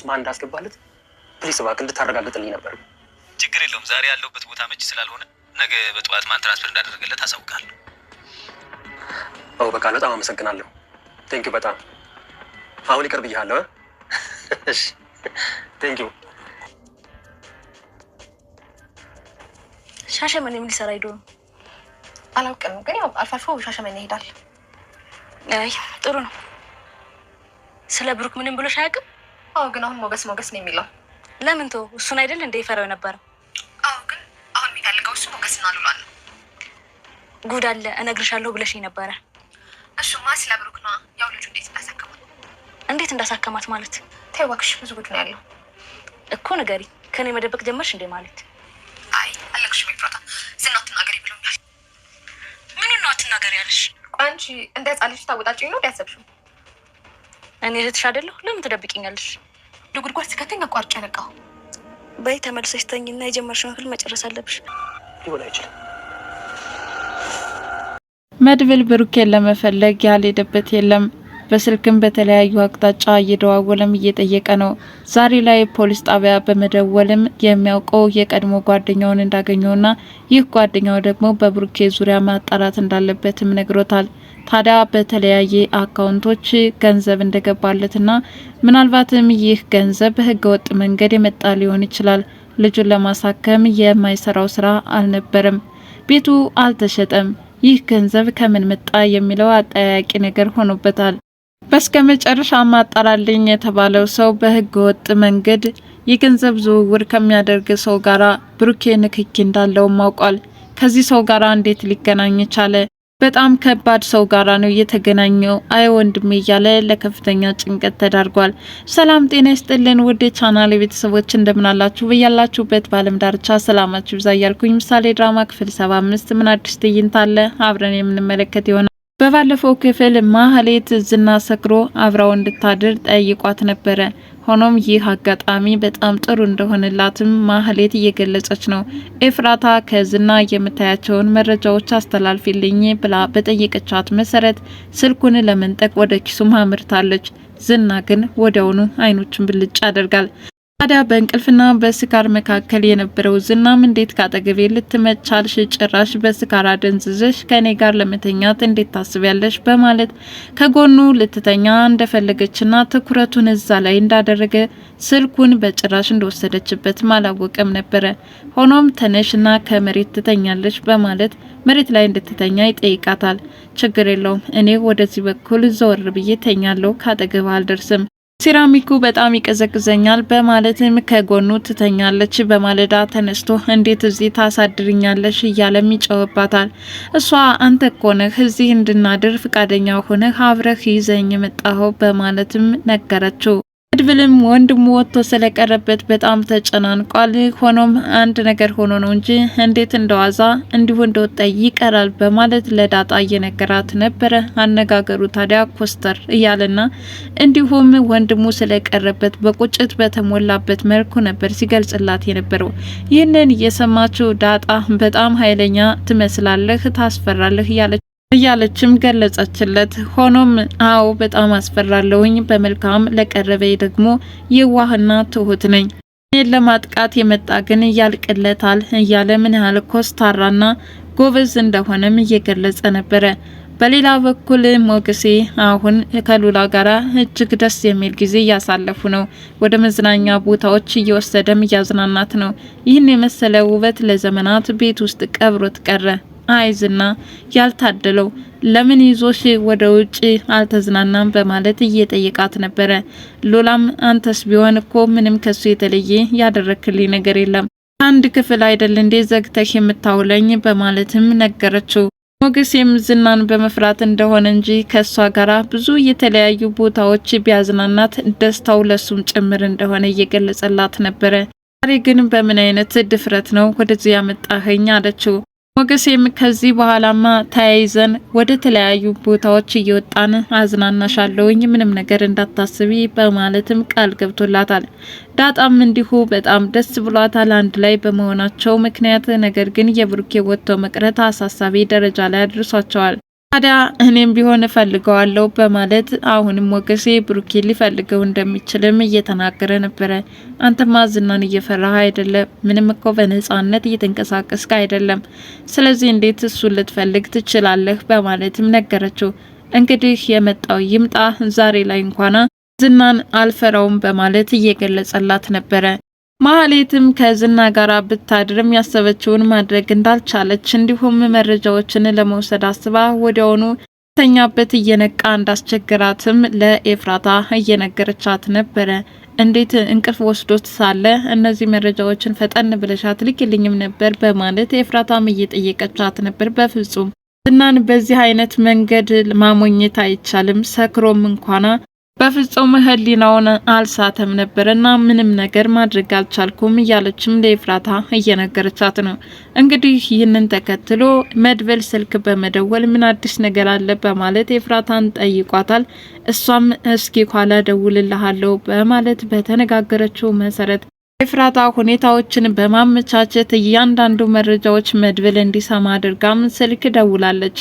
ሳምንት ውስጥ በአንድ አስገባለት። ፕሊስ እባክህ እንድታረጋግጥልኝ ነበር። ችግር የለውም። ዛሬ ያለሁበት ቦታ መች ስላልሆነ ነገ በጠዋት ማን ትራንስፈር እንዳደረገለት አሳውቃለሁ። አዎ በቃ በጣም አመሰግናለሁ። ቴንኪው በጣም አሁን ይቅር ብያለሁ። እሺ ቴንኪው። ሻሸመኔም ሊሰራ ሄዶ ነው አላውቅም፣ ግን ያው አልፎ አልፎ ሻሸመኔ ይሄዳል። ጥሩ ነው። ስለ ብሩክ ምንም ብሎሽ አያውቅም? አዎ፣ ግን አሁን ሞገስ ሞገስ ነው የሚለው ለምን ቶ እሱን አይደል እንደ ይፈራው የነበረው? አዎ፣ ግን አሁን የሚፈልገው እሱ ሞገስና ሉላ ነው። ጉድ አለ እነግርሻለሁ ብለሽኝ ነበረ። እሱማ ስለ ብሩክ ነዋ። ያው ልጁ እንዴት እንዳሳከማት እንዴት እንዳሳከማት ማለት ተይ እባክሽ፣ ብዙ ጉድ ነው ያለው እኮ ንገሪ። ከኔ መደበቅ ጀመርሽ እንዴ ማለት አይ አለቅሽ ሚፍሮታ ዝና አትናገሪ ብሎኛል። ምን ነው አትናገሪ ያለሽ? አንቺ እንደ ህፃን ልጅ ታወጣጭኝ ነው ሊያሰብሽው። እኔ እህትሽ አይደለሁ? ለምን ትደብቂኛለሽ? ነጎድጓድ ሲከተኝ አቋርጬ ነቃሁ። በይ ተመልሰሽ ተኝና የጀመርሽውን ክፍል መጨረስ አለብሽ። ሊሆን አይችልም። መድብል ብሩኬን ለመፈለግ ያልሄደበት የለም። በስልክም በተለያዩ አቅጣጫ እየደዋወለም እየጠየቀ ነው። ዛሬ ላይ ፖሊስ ጣቢያ በመደወልም የሚያውቀው የቀድሞ ጓደኛውን እንዳገኘውና ይህ ጓደኛው ደግሞ በብሩኬ ዙሪያ ማጣራት እንዳለበትም ነግሮታል። ታዲያ በተለያየ አካውንቶች ገንዘብ እንደገባለትና ምናልባትም ይህ ገንዘብ በህገወጥ መንገድ የመጣ ሊሆን ይችላል። ልጁን ለማሳከም የማይሰራው ስራ አልነበረም። ቤቱ አልተሸጠም። ይህ ገንዘብ ከምን መጣ የሚለው አጠያያቂ ነገር ሆኖበታል። በስከ መጨረሻ ማጣራልኝ የተባለው ሰው በህገ ወጥ መንገድ የገንዘብ ዝውውር ከሚያደርግ ሰው ጋራ ብሩኬ ንክኪ እንዳለውም አውቋል። ከዚህ ሰው ጋራ እንዴት ሊገናኝ ቻለ? በጣም ከባድ ሰው ጋራ ነው እየተገናኘው አይ ወንድሜ እያለ ለከፍተኛ ጭንቀት ተዳርጓል። ሰላም ጤና ይስጥልን ውድ የቻናል ቤተሰቦች እንደምናላችሁ በያላችሁበት በዓለም ዳርቻ ሰላማችሁ ይብዛ እያልኩኝ ምሳሌ ድራማ ክፍል ሰባ አምስት ምን አዲስ ትዕይንት አለ አብረን የምንመለከት ይሆናል። በባለፈው ክፍል ማህሌት ዝና ሰክሮ አብራው እንድታድር ጠይቋት ነበረ። ሆኖም ይህ አጋጣሚ በጣም ጥሩ እንደሆነላትም ማህሌት እየገለጸች ነው። ኤፍራታ ከዝና የምታያቸውን መረጃዎች አስተላልፊልኝ ብላ በጠየቀቻት መሰረት ስልኩን ለመንጠቅ ወደ ኪሱም አምርታለች። ዝና ግን ወዲያውኑ አይኖችን ብልጭ ያደርጋል። ታዲያ በእንቅልፍና በስካር መካከል የነበረው ዝናም እንዴት ካጠገቤ ልትመቻልሽ ጭራሽ በስካር አደንዝዘሽ ከእኔ ጋር ለመተኛት እንዴት ታስቢያለሽ? በማለት ከጎኑ ልትተኛ እንደፈለገችና ትኩረቱን እዛ ላይ እንዳደረገ ስልኩን በጭራሽ እንደወሰደችበትም አላወቀም ነበረ። ሆኖም ተነሽና ከመሬት ትተኛለች በማለት መሬት ላይ እንድትተኛ ይጠይቃታል። ችግር የለውም እኔ ወደዚህ በኩል ዘወር ብዬ ተኛለሁ፣ ካጠገብ አልደርስም ሴራሚኩ በጣም ይቀዘቅዘኛል በማለትም ከጎኑ ትተኛለች። በማለዳ ተነስቶ እንዴት እዚህ ታሳድርኛለሽ እያለም ይጨውባታል። እሷ አንተ ኮነ እዚህ እንድናድር ፍቃደኛ ሆነህ አብረህ ይዘኝ የመጣኸው በማለትም ነገረችው። መድብልም ወንድሙ ወጥቶ ስለቀረበት በጣም ተጨናንቋል። ሆኖም አንድ ነገር ሆኖ ነው እንጂ እንዴት እንደዋዛ እንዲሁ እንደወጣ ይቀራል በማለት ለዳጣ እየነገራት ነበረ። አነጋገሩ ታዲያ ኮስተር እያለና እንዲሁም ወንድሙ ስለቀረበት በቁጭት በተሞላበት መልኩ ነበር ሲገልጽላት የነበረው። ይህንን እየሰማችው ዳጣ በጣም ኃይለኛ ትመስላለህ፣ ታስፈራለህ እያለች እያለችም ገለጸችለት። ሆኖም አዎ በጣም አስፈራለሁኝ፣ በመልካም ለቀረበኝ ደግሞ የዋህና ትሁት ነኝ፣ እኔን ለማጥቃት የመጣ ግን ያልቅለታል እያለ ምን ያህል ኮስታራና ጎበዝ እንደሆነም እየገለጸ ነበረ። በሌላ በኩል ሞገሴ አሁን ከሉላ ጋር እጅግ ደስ የሚል ጊዜ እያሳለፉ ነው። ወደ መዝናኛ ቦታዎች እየወሰደም እያዝናናት ነው። ይህን የመሰለ ውበት ለዘመናት ቤት ውስጥ ቀብሮት ቀረ። አይ ዝና ያልታደለው ለምን ይዞሽ ወደ ውጭ አልተዝናናም በማለት እየጠየቃት ነበረ። ሉላም አንተስ ቢሆን እኮ ምንም ከሱ የተለየ ያደረክልኝ ነገር የለም አንድ ክፍል አይደል እንዴ ዘግተሽ የምታውለኝ በማለትም ነገረችው። ሞገሴም ዝናን በመፍራት እንደሆነ እንጂ ከእሷ ጋር ብዙ የተለያዩ ቦታዎች ቢያዝናናት ደስታው ለሱም ጭምር እንደሆነ እየገለጸላት ነበረ። ዛሬ ግን በምን አይነት ድፍረት ነው ወደዚህ ያመጣኸኝ አለችው። ሞገሴም ከዚህ በኋላማ ተያይዘን ወደ ተለያዩ ቦታዎች እየወጣን አዝናናሻለውኝ ምንም ነገር እንዳታስቢ በማለትም ቃል ገብቶላታል። ዳጣም እንዲሁ በጣም ደስ ብሏታል አንድ ላይ በመሆናቸው ምክንያት። ነገር ግን የብሩኬ ወጥቶ መቅረት አሳሳቢ ደረጃ ላይ አድርሷቸዋል። ታዲያ እኔም ቢሆን እፈልገዋለሁ በማለት አሁንም ሞገሴ ብሩኬ ሊፈልገው እንደሚችልም እየተናገረ ነበረ። አንተማ ዝናን እየፈራህ አይደለም፣ ምንም እኮ በነጻነት እየተንቀሳቀስክ አይደለም። ስለዚህ እንዴት እሱን ልትፈልግ ትችላለህ? በማለትም ነገረችው። እንግዲህ የመጣው ይምጣ፣ ዛሬ ላይ እንኳና ዝናን አልፈራውም በማለት እየገለጸላት ነበረ። ማህሌትም ከዝና ጋር ብታድርም ያሰበችውን ማድረግ እንዳልቻለች እንዲሁም መረጃዎችን ለመውሰድ አስባ ወዲያውኑ ተኛበት እየነቃ እንዳስቸግራትም ለኤፍራታ እየነገረቻት ነበረ። እንዴት እንቅልፍ ወስዶት ሳለ እነዚህ መረጃዎችን ፈጠን ብለሻት ልክልኝም ነበር በማለት ኤፍራታም እየጠየቀቻት ነበር። በፍጹም ዝናን በዚህ አይነት መንገድ ማሞኘት አይቻልም፣ ሰክሮም እንኳና በፍጹም ህሊናውን አልሳተም ነበርና ምንም ነገር ማድረግ አልቻልኩም እያለችም ለኤፍራታ እየነገረቻት ነው። እንግዲህ ይህንን ተከትሎ መድበል ስልክ በመደወል ምን አዲስ ነገር አለ በማለት ኤፍራታን ጠይቋታል። እሷም እስኪ ኋላ ደውልልሃለሁ በማለት በተነጋገረችው መሰረት ኤፍራታ ሁኔታዎችን በማመቻቸት እያንዳንዱ መረጃዎች መድብል እንዲሰማ አድርጋም ስልክ ደውላለች።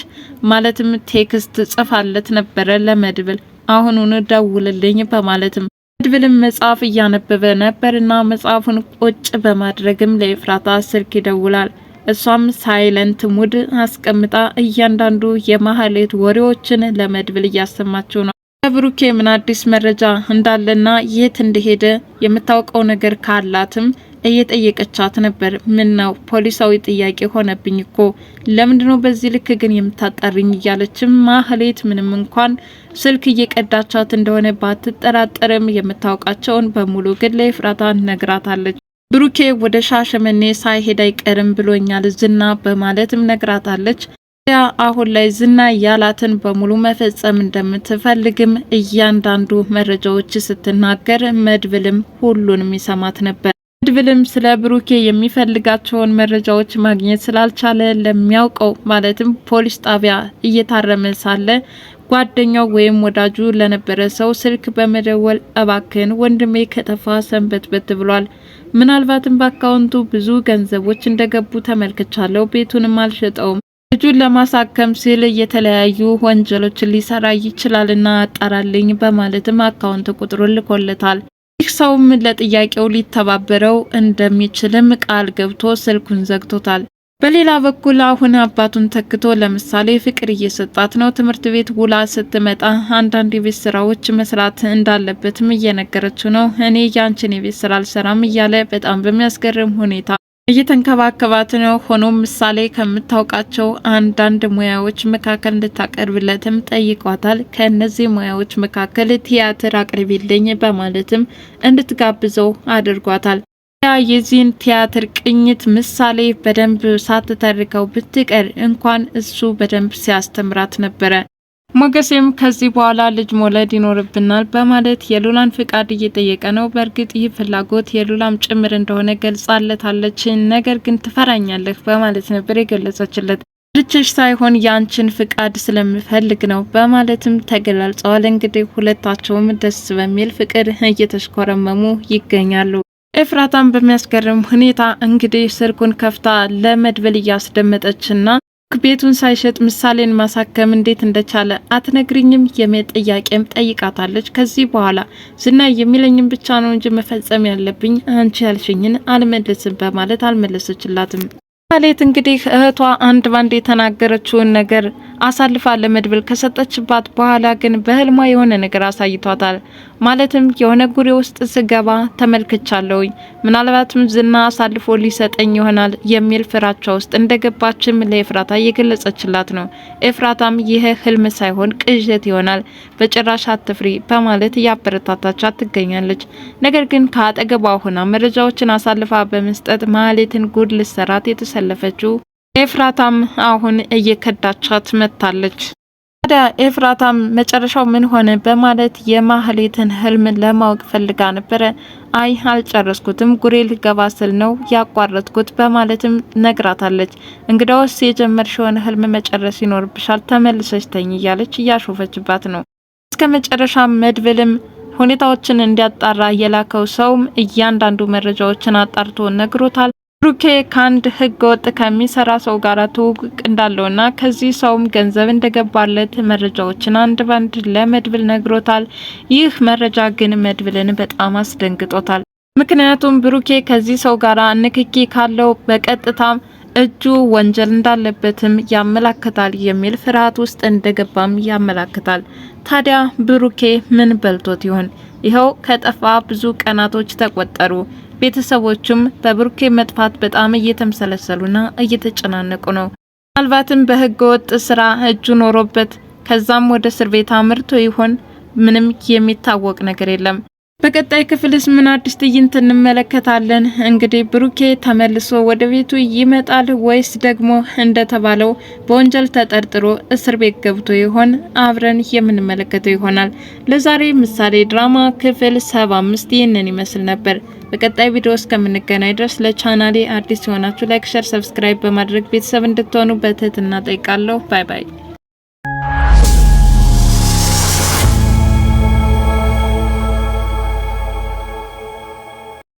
ማለትም ቴክስት ጽፋለት ነበረ ለመድብል አሁኑን ደውልልኝ በማለትም መድብልም መጽሐፍ እያነበበ ነበርና መጽሐፉን ቁጭ በማድረግም ለኤፍራታ ስልክ ይደውላል። እሷም ሳይለንት ሙድ አስቀምጣ እያንዳንዱ የማህሌት ወሬዎችን ለመድብል እያሰማችው ነው። ለብሩኬ ምን አዲስ መረጃ እንዳለና የት እንደሄደ የምታውቀው ነገር ካላትም እየጠየቀቻት ነበር። ምን ነው ፖሊሳዊ ጥያቄ ሆነብኝ እኮ ለምንድነው በዚህ ልክ ግን የምታጣሪኝ? እያለችም ማህሌት ምንም እንኳን ስልክ እየቀዳቻት እንደሆነ ባትጠራጠርም የምታውቃቸውን በሙሉ ግን ለኤፍራታ ነግራታለች። ብሩኬ ወደ ሻሸመኔ ሳይሄድ አይቀርም ብሎኛል ዝና በማለትም ነግራታለች። ያ አሁን ላይ ዝና ያላትን በሙሉ መፈጸም እንደምትፈልግም እያንዳንዱ መረጃዎች ስትናገር መድብልም ሁሉንም ይሰማት ነበር። መድብልም ስለ ብሩኬ የሚፈልጋቸውን መረጃዎች ማግኘት ስላልቻለ ለሚያውቀው ማለትም ፖሊስ ጣቢያ እየታረመ ሳለ ጓደኛው ወይም ወዳጁ ለነበረ ሰው ስልክ በመደወል እባክን ወንድሜ ከጠፋ ሰንበት በት ብሏል። ምናልባትም በአካውንቱ ብዙ ገንዘቦች እንደገቡ ተመልክቻለሁ። ቤቱንም አልሸጠውም። ልጁን ለማሳከም ሲል የተለያዩ ወንጀሎችን ሊሰራ ይችላልና አጣራልኝ በማለትም አካውንት ቁጥሩን ልኮለታል። ይህ ሰውም ለጥያቄው ሊተባበረው እንደሚችልም ቃል ገብቶ ስልኩን ዘግቶታል። በሌላ በኩል አሁን አባቱን ተክቶ ለምሳሌ ፍቅር እየሰጣት ነው። ትምህርት ቤት ውላ ስትመጣ አንዳንድ የቤት ስራዎች መስራት እንዳለበትም እየነገረችው ነው። እኔ ያንችን የቤት ስራ አልሰራም እያለ በጣም በሚያስገርም ሁኔታ እየተንከባከባት ነው። ሆኖም ምሳሌ ከምታውቃቸው አንዳንድ ሙያዎች መካከል እንድታቀርብለትም ጠይቋታል። ከእነዚህ ሙያዎች መካከል ቲያትር አቅርቢልኝ በማለትም እንድትጋብዘው አድርጓታል። ያ የዚህን ቲያትር ቅኝት ምሳሌ በደንብ ሳትተርከው ብትቀር እንኳን እሱ በደንብ ሲያስተምራት ነበረ። ሞገሴም ከዚህ በኋላ ልጅ መውለድ ይኖርብናል በማለት የሉላን ፍቃድ እየጠየቀ ነው። በእርግጥ ይህ ፍላጎት የሉላም ጭምር እንደሆነ ገልጻለታለች። ነገር ግን ትፈራኛለህ በማለት ነበር የገለጸችለት። ልጅሽ ሳይሆን ያንቺን ፍቃድ ስለምፈልግ ነው በማለትም ተገላልጸዋል። እንግዲህ ሁለታቸውም ደስ በሚል ፍቅር እየተሽኮረመሙ ይገኛሉ። ኤፍራታን በሚያስገርም ሁኔታ እንግዲህ ስልኩን ከፍታ ለመድብል እያስደመጠችና ቤቱን ሳይሸጥ ምሳሌን ማሳከም እንዴት እንደቻለ አትነግሪኝም? የሚል ጥያቄም ጠይቃታለች። ከዚህ በኋላ ዝና የሚለኝም ብቻ ነው እንጂ መፈጸም ያለብኝ አንቺ ያልሽኝን አልመልስም በማለት አልመለሰችላትም። ማለት እንግዲህ እህቷ አንድ ባንድ የተናገረችውን ነገር አሳልፋ ለመድብል ከሰጠችባት በኋላ ግን በህልሟ የሆነ ነገር አሳይቷታል። ማለትም የሆነ ጉሬ ውስጥ ስገባ ተመልክቻለሁኝ፣ ምናልባትም ዝና አሳልፎ ሊሰጠኝ ይሆናል የሚል ፍራቻ ውስጥ እንደገባችም ለኤፍራታ እየገለጸችላት ነው። ኤፍራታም ይህ ህልም ሳይሆን ቅዠት ይሆናል፣ በጭራሽ አትፍሪ በማለት እያበረታታቻት ትገኛለች። ነገር ግን ከአጠገቧ ሆና መረጃዎችን አሳልፋ በመስጠት ማህሌትን ጉድ ልሰራት የተሰለፈችው ኤፍራታም አሁን እየከዳቻት መጥታለች። ታዲያ ኤፍራታም መጨረሻው ምን ሆነ በማለት የማህሌትን ህልም ለማወቅ ፈልጋ ነበረ። አይ አልጨረስኩትም፣ ጉሬ ልገባ ስል ነው ያቋረጥኩት በማለትም ነግራታለች። እንግዳውስ የጀመርሽውን ህልም መጨረስ ይኖርብሻል፣ ተመልሰች ተኝ እያለች እያሾፈችባት ነው። እስከ መጨረሻ መድብልም ሁኔታዎችን እንዲያጣራ የላከው ሰውም እያንዳንዱ መረጃዎችን አጣርቶ ነግሮታል። ብሩኬ ከአንድ ህገ ወጥ ከሚሰራ ሰው ጋር ትውውቅ እንዳለውና ከዚህ ሰውም ገንዘብ እንደገባለት መረጃዎችን አንድ ባንድ ለመድብል ነግሮታል። ይህ መረጃ ግን መድብልን በጣም አስደንግጦታል። ምክንያቱም ብሩኬ ከዚህ ሰው ጋር ንክኪ ካለው በቀጥታ እጁ ወንጀል እንዳለበትም ያመላክታል የሚል ፍርሃት ውስጥ እንደገባም ያመላክታል። ታዲያ ብሩኬ ምን በልቶት ይሆን? ይኸው ከጠፋ ብዙ ቀናቶች ተቆጠሩ። ቤተሰቦቹም በብሩኬ መጥፋት በጣም እየተምሰለሰሉና እየተጨናነቁ ነው። ምናልባትም በህገ ወጥ ስራ እጁ ኖሮበት ከዛም ወደ እስር ቤት አምርቶ ይሆን? ምንም የሚታወቅ ነገር የለም። በቀጣይ ክፍልስ ምን አዲስ ትዕይንት እንመለከታለን? እንግዲህ ብሩኬ ተመልሶ ወደ ቤቱ ይመጣል ወይስ ደግሞ እንደተባለው በወንጀል ተጠርጥሮ እስር ቤት ገብቶ ይሆን? አብረን የምንመለከተው ይሆናል። ለዛሬ ምሳሌ ድራማ ክፍል 75 ይህንን ይመስል ነበር። በቀጣይ ቪዲዮ እስከምንገናኝ ድረስ ለቻናሌ አዲስ የሆናችሁ ላይክ፣ ሸር፣ ሰብስክራይብ በማድረግ ቤተሰብ እንድትሆኑ በትህትና ጠይቃለሁ። ባይ ባይ።